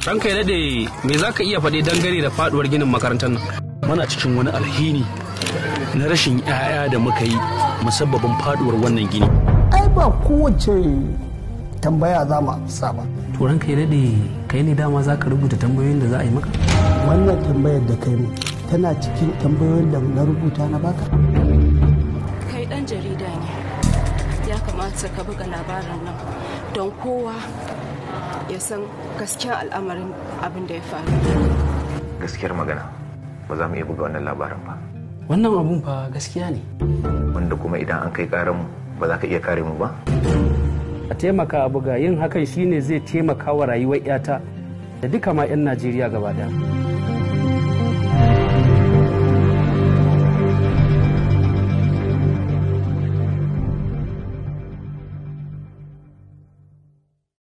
ranka ya dade me za ka iya faɗi dangane da faduwar ginin makarantar nan mana cikin wani alhini na rashin 'ya'ya da muka yi musabbabin faduwar wannan gini ai ba kowace tambaya za mu amsa ba to ranka ya dade kai ne dama za ka rubuta tambayoyin da za a yi maka wannan tambayar da kai tana cikin tambayoyin da na rubuta na baka kai dan jarida ne ya kamata ka buga labarin nan don kowa ya san gasken al'amarin abin da ya faru gaskiyar magana ba za mu iya buga wannan labarin ba wannan abun fa gaskiya ne wanda kuma idan an kai mu ba za ka iya kare mu ba a taimaka a buga yin hakan shine zai taimaka wa rayuwar 'yata da duka ma 'yan najeriya gaba daya